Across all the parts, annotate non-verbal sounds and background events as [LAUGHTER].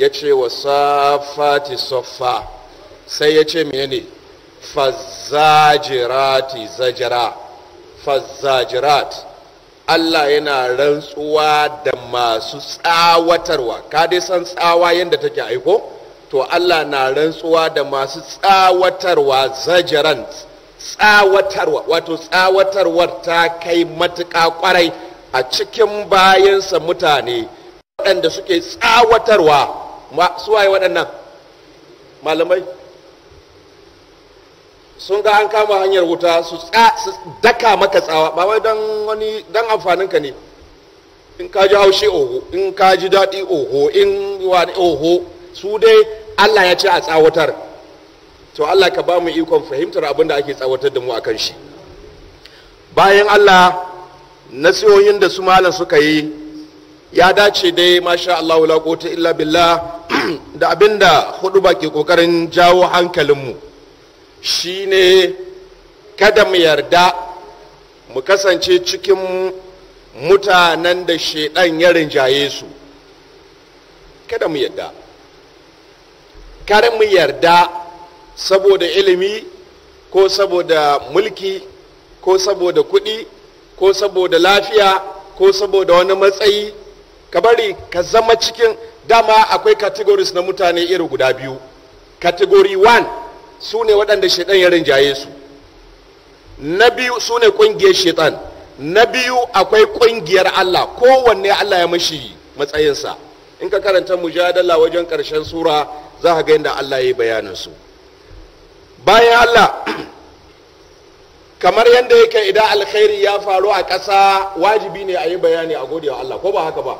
ya ce wa safati soffa sai ya ce menene fazajirati zajara fazajirat Allah yana rantsuwa da masu tsawatarwa ka dai san tsawa yadda take aiko to Allah na rantsuwa da masu tsawatarwa zajaran tsawatarwa wato tsawatarwar ta kai matuƙa kwarai a cikin bayansa mutane waɗanda suke tsawatarwa suwaye waɗannan malamai sun ga an kama hanyar wuta su daka maka tsawa ba wai don wani don amfaninka ne in ka ji haushe oho in ka ji daɗi oho in wani oho su dai allah ya ce a tsawatar to allah ka ba mu ikon fahimtar abin da ake tsawatar da mu a kan shi bayan allah nasihohin da su malam suka yi ya dace dai masha allahu la ta illa billah da abinda da hudu ba ke kokarin jawo hankalinmu shine kada mu yarda mu kasance cikin mutanen da shaidan ya rinjaye su kada mu yarda kar mu yarda saboda ilimi ko saboda mulki ko saboda kuɗi ko saboda lafiya ko saboda wani matsayi ka bari ka zama cikin dama akwai categories na mutane iri guda biyu category 1 su ne waɗanda shaidan ya rinjaye su na biyu su ne ƙungiyar shaiɗan na biyu akwai ƙungiyar allah kowanne allah ya mashi matsayinsa in ka karanta mujadala wajen ƙarshen sura za ka ga yadda allah ya yi bayan allah [CLEARS THROAT] kamar yadda yake idan alkhairi ya faru a ƙasa wajibi ne a yi bayani a godiya allah ko ba haka ba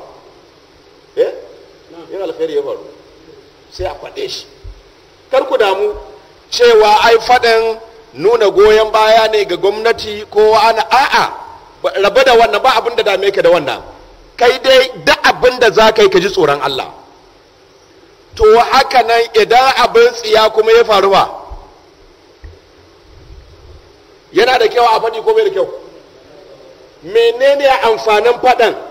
eh in alkhairi ya faru sai a faɗe shi kar ku damu cewa ai faɗin nuna goyon baya ne ga gwamnati ko ana a'a rabu da wannan ba abin da dame ka da wannan kai dai da abin da za ka yi ka ji tsoron Allah to haka nan idan abin tsiya kuma ya faru ba yana da kyau a faɗi ko bai da kyau menene amfanin faɗan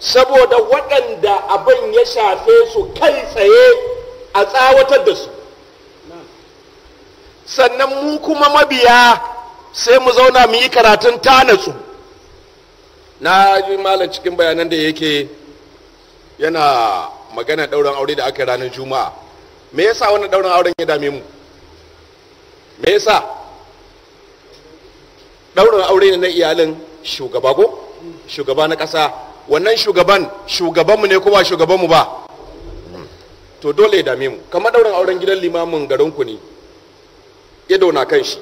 saboda waɗanda abin ya shafe su kai tsaye a tsawatar da su sannan mu kuma mabiya sai mu zauna mu yi karatun tanatsu na ji malam cikin bayanan da yake yana magana ɗauran aure da aka ranar juma'a me yasa wannan ɗauran auren ya dame mu me yasa ɗaurin aure na iyalin shugaba ko shugaba na ƙasa wannan shugaban shugabanmu ne ko ba shugabanmu ba to dole ya dame mu kamar daurin auren gidan limamin garinku ne ido na kan shi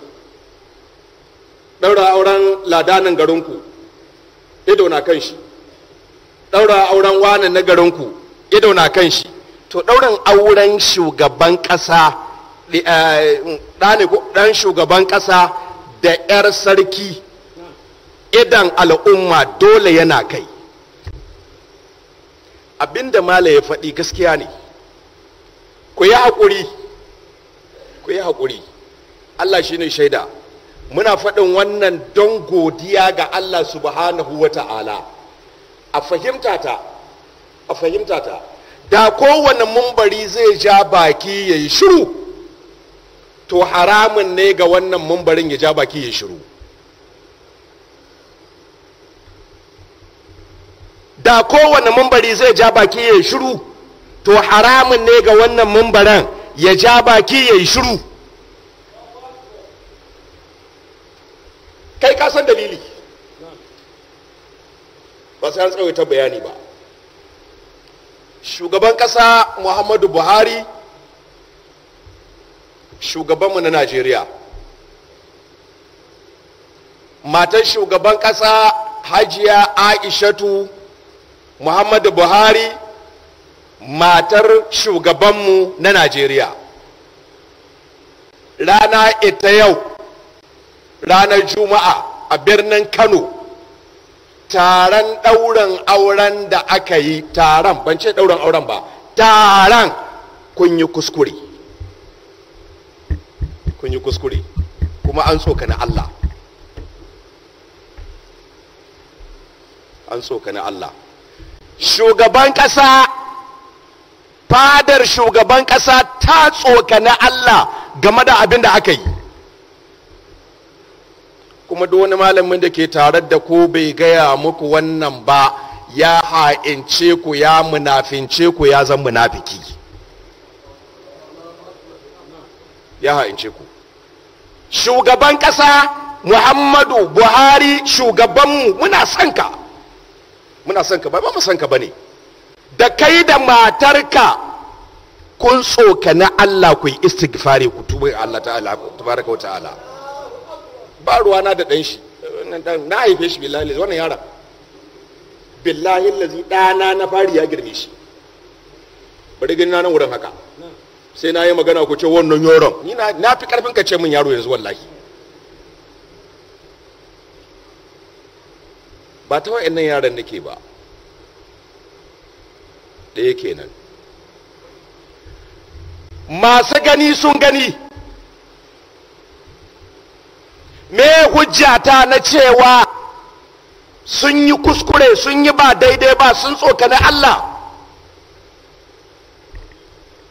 daura auren ladanin garinku ido na kan shi daura auren wani na garinku ido na kan shi to daurin auren shugaban kasa eh, dan shugaban kasa da 'yar sarki idan al'umma dole yana kai abinda mala ya faɗi gaskiya ne ku yi haƙuri ku yi haƙuri allah shi ne shaida muna faɗin wannan don godiya ga allah subhanahu wa ta'ala a fahimta ta a fahimta ta da kowane mumbari zai ja baki ya yi shiru to haramun ne ga wannan mumbarin ya ja baki ya yi shiru da kowane mambari zai ja baki ya yi shiru to haramun ne ga wannan mambaran ya ja baki ya yi shiru kai ka san dalili ba sai an tsawaita bayani ba shugaban kasa muhammadu buhari shugabanmu na najeriya matan shugaban kasa hajiya aishatu muhammadu buhari matar shugabanmu na najeriya rana ita yau ranar juma'a a birnin kano taron ɗaurin auren da aka yi taron ban ce ɗaurin auren ba taron kun yi kuskure kun yi kuskure kuma an tsoka na Allah an tsoka na Allah shugaban ƙasa fadar shugaban ƙasa ta tsoka na Allah game da abin da aka yi kuma duk wani malamin da ke tare da ku bai gaya muku wannan ba ya ha'ince ku ya munafince ku ya zan munafiki ya ha'ince ku shugaban ƙasa muhammadu buhari shugabanmu muna son ka muna son ka ba ba mu son ka bane da kai da matarka kun na Allah ku yi istighfari ku tuba Allah ta'ala tabaraka wa ta'ala ba na da dan shi na haife shi billahi wannan yara billahi lazi dana na fari ya girme shi bari gani na nan wurin haka sai na yi magana ku ce wannan yoron ni na fi karfin ka ce min yaro yanzu wallahi ba ta nan yaran nake ba ɗaya kenan masu gani sun gani me hujjata na cewa sun yi kuskure sun yi ba daidai ba sun tsokani Allah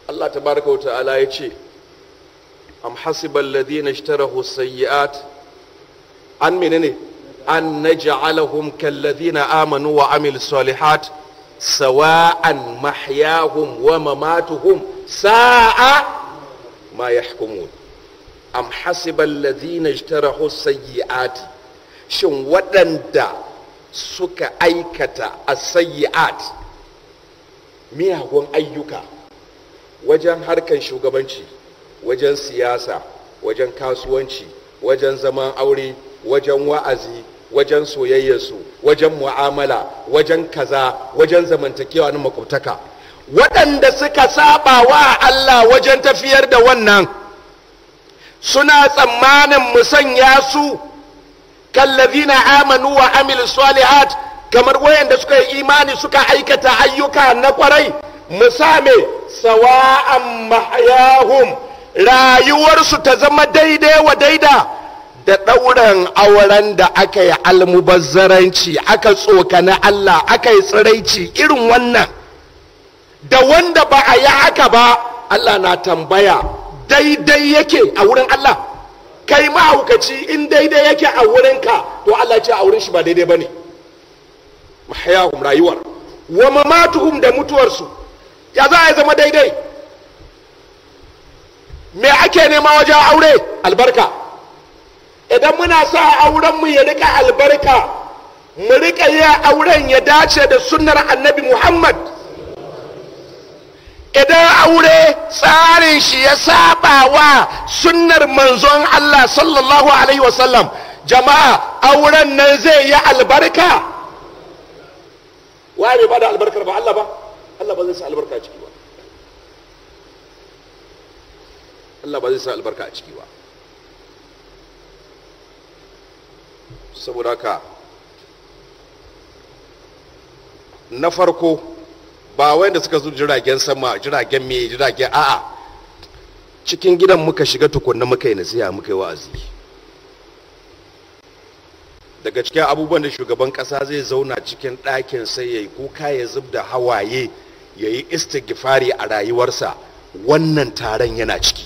Allah tabaraka wa ta'ala ya ce am hasiba ishtarahu sayyi'at an menene ne an na naj'alahum kallazina amanu wa amil salihat sawa'an mahyahum wa mamatuhum sa'a ma yahkumun am hasiba alladhina ijtarahu sayyi'at shin waɗanda suka aikata as-sayyi'at miyagun ayyuka wajen harkar shugabanci wajen siyasa wajen kasuwanci wajen zaman aure wajen wa'azi wajen soyayyarsu wajen mu'amala wajen kaza wajen zamantakewa na makwabtaka waɗanda suka saba wa Allah wajen tafiyar da wannan suna tsammanin mu sanya su kallazina amanu wa amil salihat kamar wayanda suka yi imani suka aikata ayyuka na kwarai mu same sawa'an mahayahum rayuwarsu ta zama daidai wa daida da ɗauran auren da aka yi almubazzaranci aka tsokani Allah aka yi tsiraici irin wannan da wanda ba a yi haka ba Allah na tambaya daidai yake a wurin Allah kai mahaukaci in daidai yake a wurinka to Allah ce a wurin shi ba daidai ba ne mahayahun rayuwar wa mamatuhum da mutuwarsu ya za a zama daidai me ake nema wajen aure albarka idan muna sa auren mu ya rika albarka mu rika yi auren ya dace da sunnar annabi muhammad idan aure tsarin shi ya saba wa sunnar manzon allah sallallahu alaihi wasallam jama'a auren nan zai yi albarka wa ne ba da albarkar ba allah ba allah ba zai sa albarka a ciki ba allah ba zai sa albarka a ciki ba saboda ka, na farko ba wanda suka zo jiragen sama jiragen me jiragen a'a cikin gidan muka shiga tukunna muka yi nasiha muka yi wa'azi daga cikin abubuwan da shugaban kasa zai zauna cikin ɗakin sai ya kuka ya zub da hawaye ya yi istighfari a rayuwarsa wannan taron yana ciki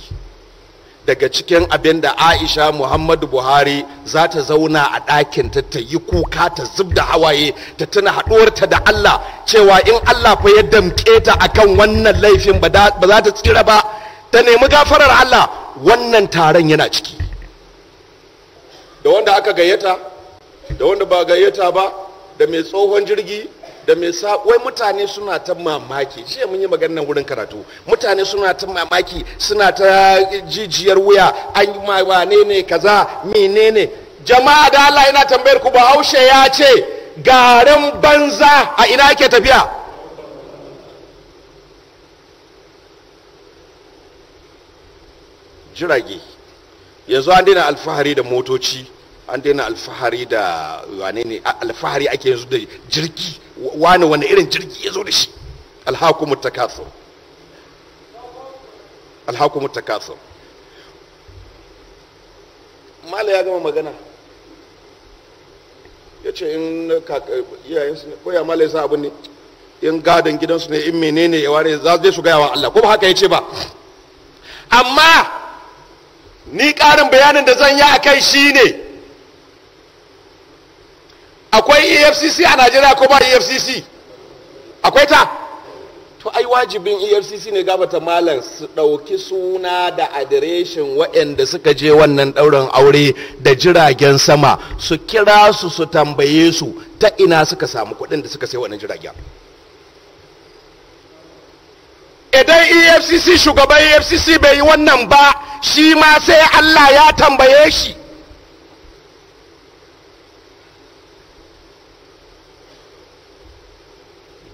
daga cikin abin da aisha muhammadu buhari za ta zauna a ɗakin ta yi kuka ta zub da hawaye ta tuna haɗuwarta da allah cewa in allah fa ya damƙe ta akan wannan laifin ba za ta tsira ba ta nemi gafarar allah wannan taron yana ciki da wanda aka gayyata da wanda ba gayyata ba da mai tsohon jirgi da mai sa wai mutane suna ta mamaki jiya mun yi maganar wurin karatu mutane suna ta mamaki suna ta jijiyar wuya an yi wane ne kaza menene jama'a da Allah yana tambayar ku bahaushe ya ce garin banza a ina ake tafiya jirage yanzu an daina alfahari da motoci an daina alfahari da wane ne alfahari ake yanzu da jirgi wane wane irin jirgi ya zo da shi alhakumu takasur alhakumu takasur mala ya gama magana ya ce in iyayensu ne ko ya mala ya sa abin ne in gadon gidansu ne in menene ya ware za zai su gaya wa Allah ko ba haka ya ce ba amma ni ƙarin bayanin da zan yi a kai shi ne akwai efcc a najeriya ko ba efcc akwai ta to ai wajibin efcc ne gabata malam su ɗauki suna da adireshin waɗanda suka je wannan ɗaurin aure da jiragen sama su kira su su tambaye su ta ina suka samu kuɗin da suka sai wannan jiragen idan efcc shugaban efcc bai yi wannan ba shi ma sai allah ya tambaye shi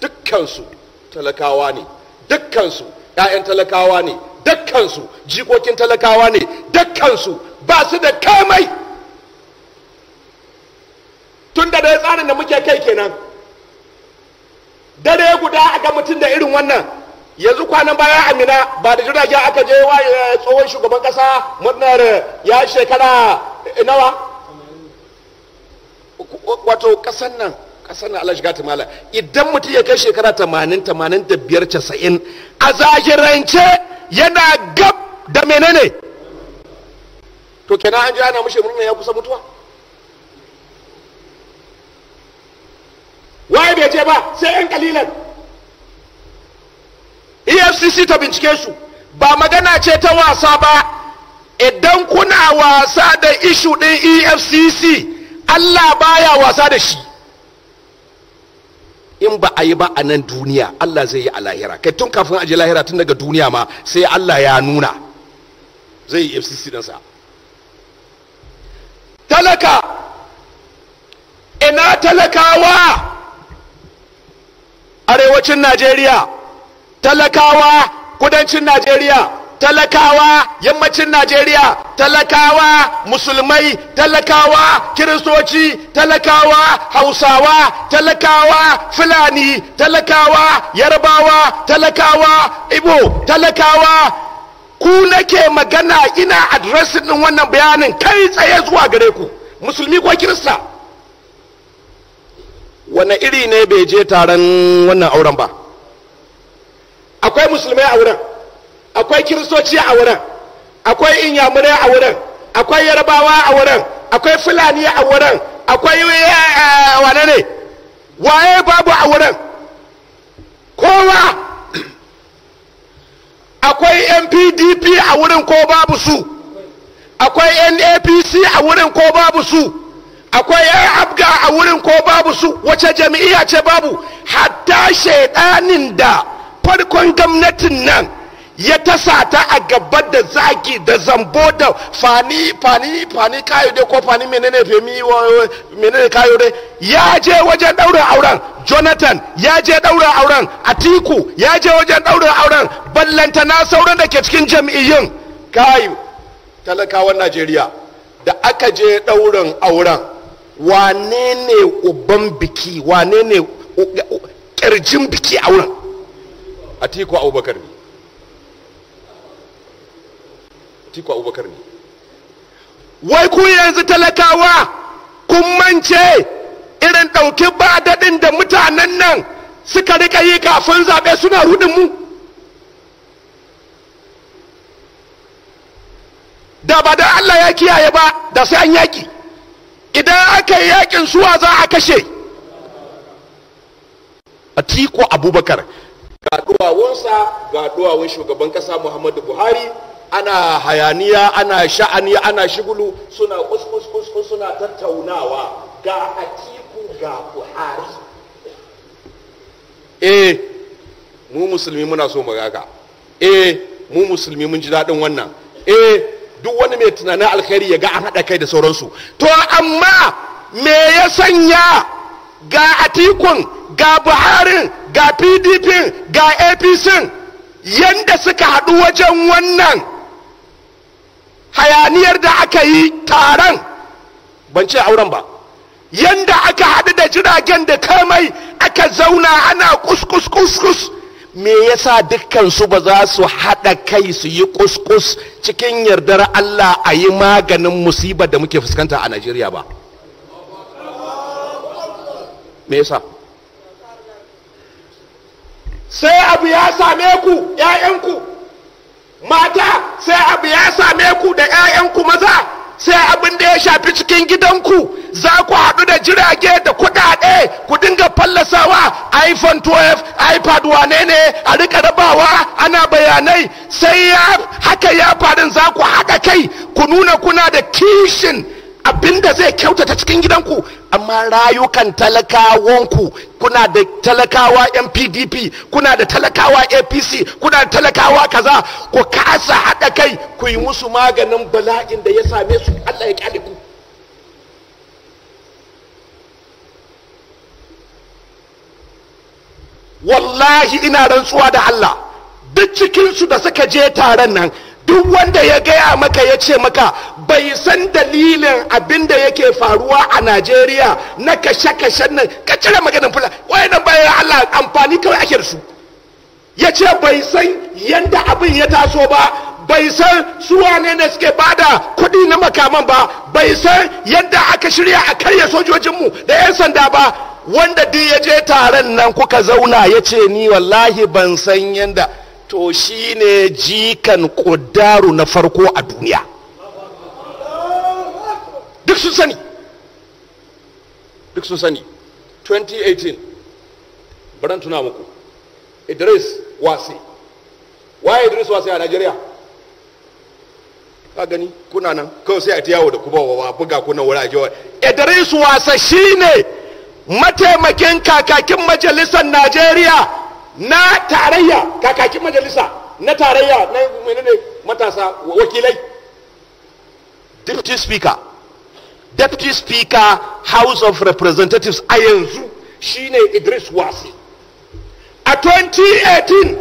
dukkansu talakawa ne dukkansu 'ya'yan talakawa ne dukkansu jikokin talakawa ne dukkansu ba su da kamai tun da dai tsarin da muke kai kenan dare guda a ga mutum da irin wannan yanzu kwanan baya amina ba da jiragen aka je wa eh, tsohon shugaban kasa murnar eh, ya shekara eh, nawa wato kasan nan kasar na Allah shiga ta mala idan mutum ya kai shekara tamanin tamanin da biyar casa'in a zahirance yana gab da menene to kenan an ji ana mushe murna ya kusa mutuwa waye bai je ba sai yan kalilan efcc ta bincike su ba magana ce ta wasa ba idan kuna wasa da ishu din efcc allah baya wasa da shi in ba a yi ba a nan duniya Allah zai yi a lahira kai tun kafin je lahira tun daga duniya ma sai Allah ya nuna zai yi FCC ɗansa talaka ina talakawa arewacin Najeriya talakawa kudancin Najeriya talakawa yammacin najeriya talakawa musulmai talakawa kiristoci talakawa hausawa talakawa fulani talakawa yarbawa talakawa ibo talakawa ku nake magana ina adresin din wannan bayanin kai tsaye zuwa gare ku musulmi ko kirista Wani iri ne bai je taron wannan auren ba akwai musulmai a wurin akwai kiristoci a wurin akwai inyamurai a wurin akwai yarbawa a wurin akwai fulani a wurin akwai eh, eh, wane ne waye babu a wurin kowa [CLEARS THROAT] akwai npdp a wurin ko babu su akwai napc a wurin ko babu su akwai abga a wurin ko babu su wace jami'a ce babu hatta shaidanin da farkon gwamnatin nan ya tasa ta a gabar da zaki da zambo da fani fani fani kayo dai ko fani menene femi menene kayo dai ya je wajen daura auren jonathan ya je daura auren atiku ya je wajen daura auren ballanta na sauran da ke cikin jam'iyyun kayo talakawan najeriya da aka je daurin auren wane ne uban biki wane ne kirjin biki auren atiku abubakar ne abubakar ne wai ku yanzu talakawa kun mance irin ɗauki ba daɗin da mutanen nan suka rika yi kafin zaɓe suna ruɗin mu da ba da Allah ya kiyaye ba da sai an yaƙi idan aka yi yaƙin suwa za a kashe a tiko abubakar ga duwawunsa ga duwawun shugaban ƙasa muhammadu buhari ana hayaniya ana sha'ani ana shigulu suna kuskus suna tattaunawa ga atiku ga buhari eh mu musulmi muna so magaga eh mu musulmi mun ji daɗin wannan eh duk wani mai tunanin alkhairi ya ga an haɗa kai da sauransu to amma me ya sanya ga atikun ga buharin ga pdp ga apc yanda suka haɗu wajen wannan hayaniyar da aka yi taron ban ce auren ba yanda aka haɗu da jiragen da kamai aka zauna ana kuskus kuskus me yasa dukkansu ba za su haɗa kai su yi kuskus cikin yardar Allah a yi maganin musibar da muke fuskanta a Najeriya ba me yasa sai abu ya same ku 'ya'yanku mata sai abu ya same ku da 'ya'yanku maza sai abin da ya shafi cikin gidanku za ku haɗu da jirage da kuɗaɗe ku dinga fallasawa iphone 12 ipad wane ne a rika rabawa ana bayanai sai ya haka ya faru za ku haɗa kai ku nuna kuna da kishin abin da zai kyautata cikin gidanku amma rayukan talakawanku kuna da talakawa mpdp kuna da talakawa apc kuna da talakawa kaza ku kasa haɗa kai ku yi musu maganin bala'in da ya same su allah ya kyale ku wallahi ina rantsuwa da allah duk cikinsu da suka je taron nan duk wanda ya gaya maka ya ce maka bai san dalilin abin da yake faruwa a najeriya na kashe-kashen nan ka cire maganin fula wayannan bayan allah amfani kawai ake su ya ce bai san yadda abin ya taso ba bai san su wane ne suke bada kudi na makaman ba bai san yadda aka shirya a karya sojojinmu da 'yan sanda ba wanda duk ya je taron nan kuka zauna ya ce ni wallahi ban san yadda to shine jikan ƙuddaru na farko a duniya duk sun sani duk sun sani 2018 baran tuna muku idris wasi wa idris wasi a nigeria ka gani kuna nan kawai sai a ta yawo da kuma wa buga kuna wuri a jawar idris wasa shine mataimakin kakakin majalisar najeriya na tarayya kakakin majalisa na tarayya na menene matasa wakilai deputy speaker deputy speaker house of representatives a yanzu shine idris wasi a 2018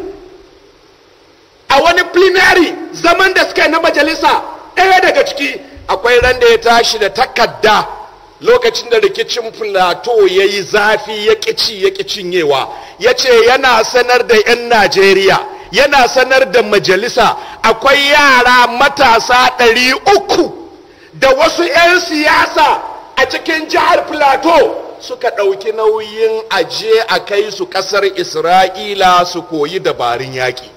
a wani plenary zaman da suka yi na majalisa ɗaya daga ciki akwai ran da ya tashi da takarda. lokacin da rikicin filato ya yi zafi ya ƙici ya cinyewa ya ce yana sanar da 'yan najeriya yana sanar da majalisa akwai yara matasa ɗari uku da wasu 'yan siyasa a cikin jihar plateau suka ɗauki nauyin aje a kai su ƙasar isra'ila su koyi dabarun yaƙi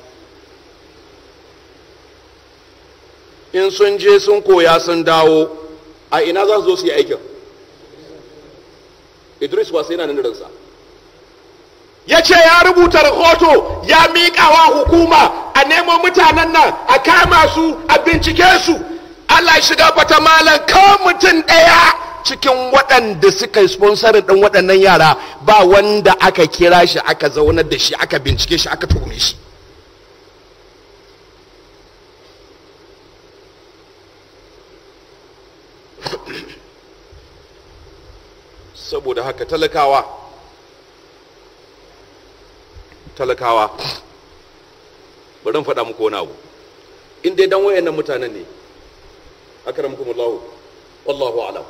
in sun je sun koya sun dawo a ina za su zo su yi aikin idris wasu yana nan ransa ya ce ya rubuta rahoto ya miƙa hukuma a nemo mutanen nan a kama su a bincike su allah shiga bata malam kawai mutum ɗaya cikin waɗanda suka yi sponsorin ɗin waɗannan yara ba wanda aka kira shi aka zaunar da shi aka bincike shi aka tuhume shi saboda haka talakawa talakawa bari faɗa muku wani abu in dai dan wayannan mutanen ne akramkum Allah wallahu alam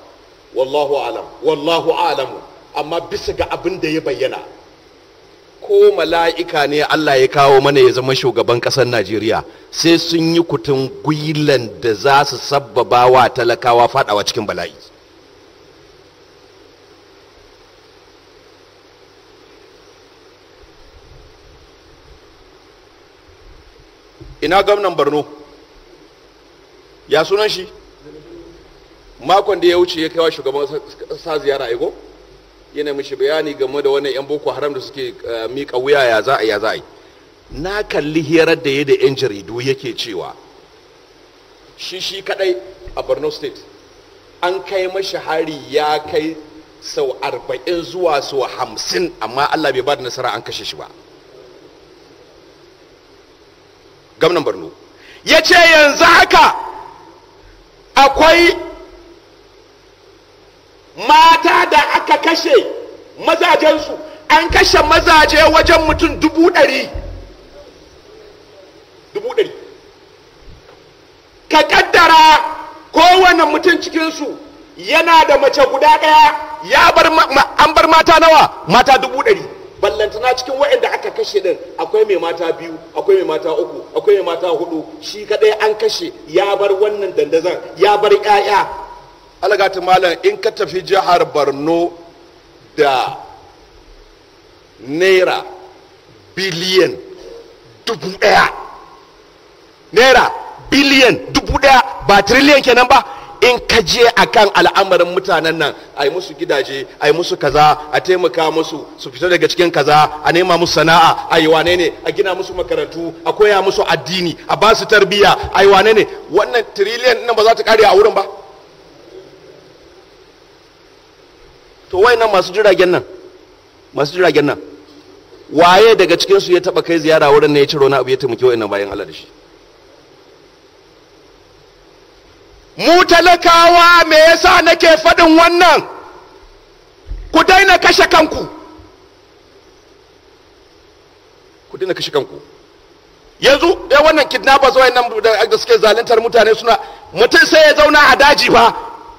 wallahu alam wallahu alam amma bisa ga abin da ya bayyana ko mala'ika ne Allah ya kawo mana ya zama shugaban ƙasar Najeriya sai sun yi kutun gwilan da za su sabbaba wa talakawa faɗawa cikin bala'i ina gwamnan borno ya sunan shi makon da ya wuce ya wa shugaban sa ziyara aiko yana mishi bayani game da wannan yan boko haram da suke eh, mika wuya ya za ya za na kalli hirar da ya da yan jaridu yake cewa shi shi kadai a borno state an kai mashi hari ya kai sau arba'in zuwa sau hamsin amma allah bai ba da nasara an kashe shi ba gamnan borno ya ce yanzu haka akwai mata da aka kashe mazajensu an kashe mazaje wajen mutum dubu ɗari dubu ɗari ka ƙaddara kowane mutum cikinsu yana da mace guda ɗaya ya bar an bar mata nawa mata dubu ɗari ballantana cikin waɗanda aka kashe din akwai mai mata biyu akwai mai mata uku akwai mai mata hudu shi kaɗai an kashe ya bar wannan dandazan ya bar ƴaƴa alagatin malam in ka tafi jihar borno da naira biliyan dubu ɗaya naira biliyan dubu ɗaya ba triliyan kenan ba in ka je a kan al'amarin mutanen nan a yi musu gidaje a yi musu kaza a taimaka musu su fita daga cikin kaza a nema musu sana'a a yi wane ne a gina musu makarantu a koya musu addini a ba su tarbiyya a yi wane ne wannan tiriliyan nan ba za ta kare a wurin ba to wai nan masu jiragen nan masu jiragen nan waye daga cikinsu ya taba kai ziyara wurin ne ya ciro na abu ya taimaki wa'annan bayan Allah da shi mu talakawa me yasa nake faɗin wannan ku daina kashe kanku ku daina kashe kanku yanzu ya eh, wannan kidnappers wayannan da suke zaluntar mutane suna mutum sai ya zauna a daji ba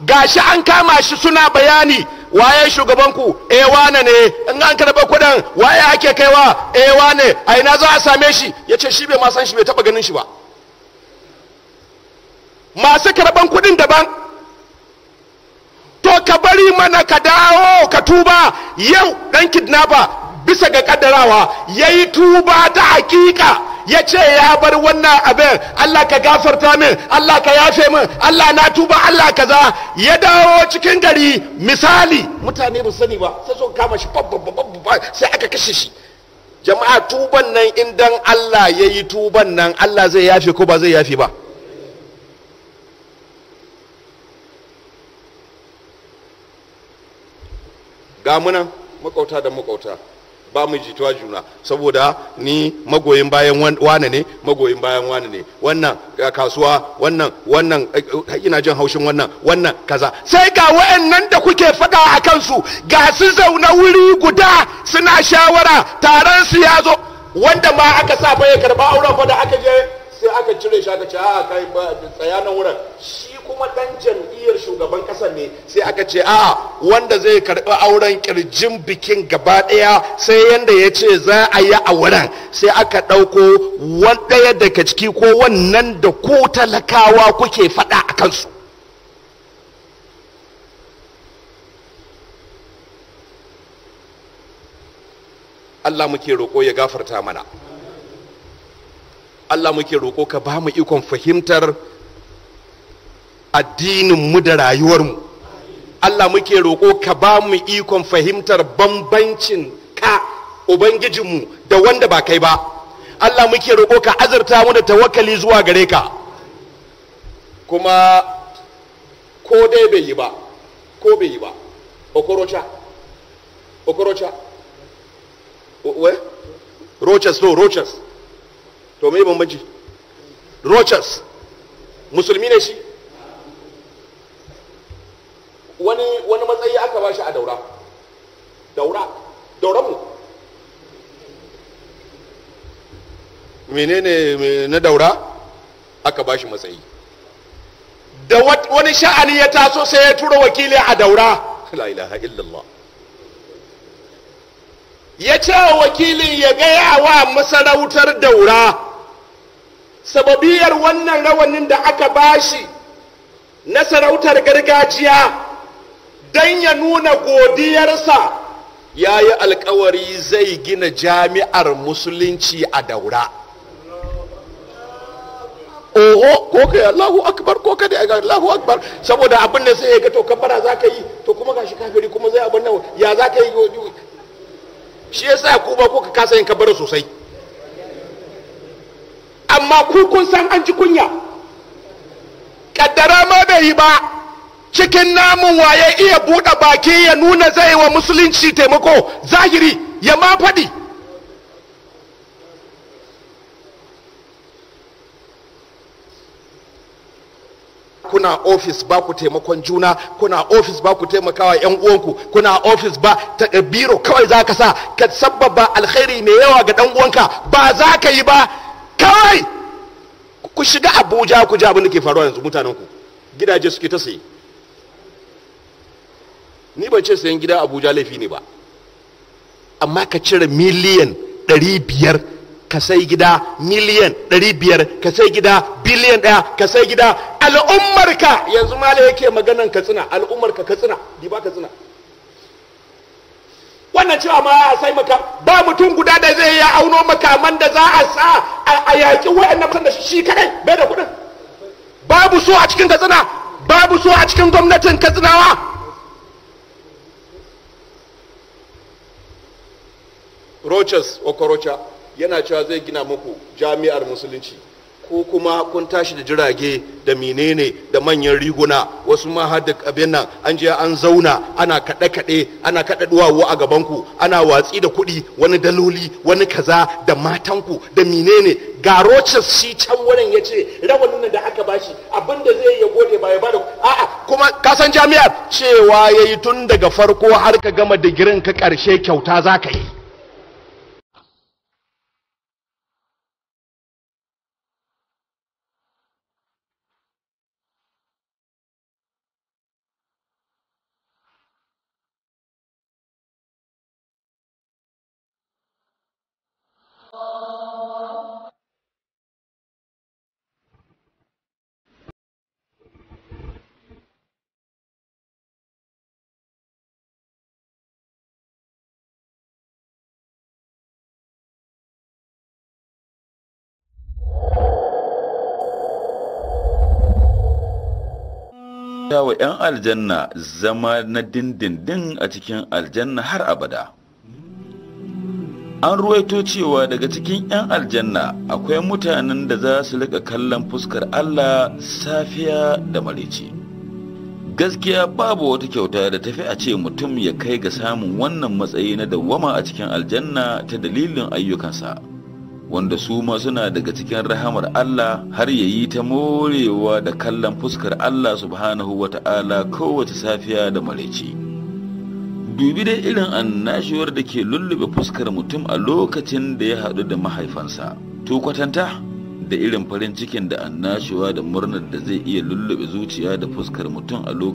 gashi an kama shi suna bayani waye shugabanku eh wane ne in an karba kuɗin waye ake kaiwa eh wane a ina za a same shi ya ce shi bai ma san shi bai taɓa ganin shi ba masu karban kuɗin daban to ka bari mana ka dawo ka tuba yau ɗan kidnapper bisa ga kaddarawa ya yi tuba ta hakika ya ce ya bar wannan abin Allah ka gafarta min Allah ka yafe min Allah na tuba Allah za ya dawo cikin gari misali mutane ba sani ba sai sun kama shi sai aka kashe shi jama'a tuban nan in dan Allah ya yi tuban nan Allah zai yafe ko ba zai yafe ba muna makauta da makauta ba mu jituwa juna saboda ni magoyin bayan wane ne magoyin bayan wane ne wannan kasuwa wannan wannan eh, eh, ina jin haushin wannan wannan kaza sai ga wayannan da kuke faɗa a kansu ga su zauna wuri guda suna shawara taron su ya zo wanda ma aka sa fa ya karba auren fa da aka je sai aka cire shi aka ce a ah, kai ba tsaya nan wurin shi kuma dan jam'iyyar shugaban kasar ne sai aka ce a wanda zai karɓi auren kirjin bikin gaba ɗaya sai yanda ya ce za a yi a wurin, sai aka ɗauko wanda daga ciki ko wannan da ku talakawa kuke faɗa a kansu Allah muke roƙo ya gafarta mana Allah muke roƙo ka ba mu ikon fahimtar addininmu da rayuwarmu Allah muke roƙo ka ba mu ikon fahimtar bambancin ka ubangijinmu da wanda ba kai ba Allah muke roƙo ka azurta mu da tawakkali zuwa gare ka kuma ko dai bai yi ba ko bai yi ba okorocha okorocha we rochas no rochas to me bambanci rochas musulmi ne shi wani wani matsayi aka ba shi a daura daura daura mu menene na daura aka ba shi matsayi da wani sha'ani ya taso sai ya tura wakili a daura la ilaha illallah ya ce wakilin ya gaya wa masarautar daura sababiyar wannan rawanin da aka bashi na sarautar gargajiya Dan ya nuna godiyarsa ya yi alkawari zai gina jami'ar musulunci a daura oho ko kai Allahu akbar ko kai Allahu akbar saboda abin da sai ya ga to za ka yi to kuma gashi kafiri kuma zai abin nan ya za ka yi shi ya sa ku ba ka kasa yin kabara sosai amma ku kun san an ji kunya kaddara ma bai yi ba cikin namun waye iya buɗe baki ya nuna zai wa musulunci taimako zahiri ya ma faɗi kuna ofis ba ku taimakon juna kuna ofis ba ku taimakawa yan uwanku kuna ofis ba ta biro kawai za ka sa ka sababa alkhairi mai yawa ga dan uwanka ba za ka yi ba kawai ku shiga abuja ku ja abin da ke faruwa yanzu mutanenku gidaje suke ta sayi ni ban ce sayan gida abuja laifi ne ba amma ka cire miliyan 500 ka sai gida miliyan 500 ka sai gida biliyan ɗaya ka sai gida al'ummarka yanzu mala yake maganan katsina al'ummarka katsina di ba katsina wannan cewa ma a sai maka ba mutum guda da zai ya auno maka man da za a sa a yaƙi wa'yan nan da shi kadai bai da kuɗin babu so a cikin katsina babu so a cikin gwamnatin katsinawa rochas okorocha yana cewa zai gina muku jami'ar musulunci ko kuma kun tashi da jirage da menene da manyan riguna wasu ma har da abin nan an je an zauna ana kaɗe kaɗe ana kaɗa duwawo a gabanku ana watsi da kuɗi wani daloli wani kaza da matanku da menene ga rochas shi can wurin ya ce rawanin da aka bashi abin da zai ya gode ba ya bada a'a kuma ka san jami'ar cewa yayi tun daga farko har ka gama digirin ka ƙarshe kyauta za ka yi ya wa 'yan aljanna zama na dindindin a cikin aljanna har abada an ruwaito cewa daga cikin 'yan aljanna akwai mutanen da za su riƙa kallon fuskar allah safiya da mari'ci. gaskiya babu wata kyauta da tafi a ce mutum ya kai ga samun wannan matsayi na dawwama a cikin aljanna ta dalilin ayyukansa wanda su ma suna daga cikin rahamar Allah har ya yi ta morewa da kallon fuskar Allah subhanahu wa ta'ala kowace safiya da maraice. Dubi dai irin annashuwar da ke lullube fuskar mutum a lokacin da ya haɗu da mahaifansa. To kwatanta da irin farin cikin da annashuwa da murnar da zai iya lullube zuciya da fuskar mutum a lokacin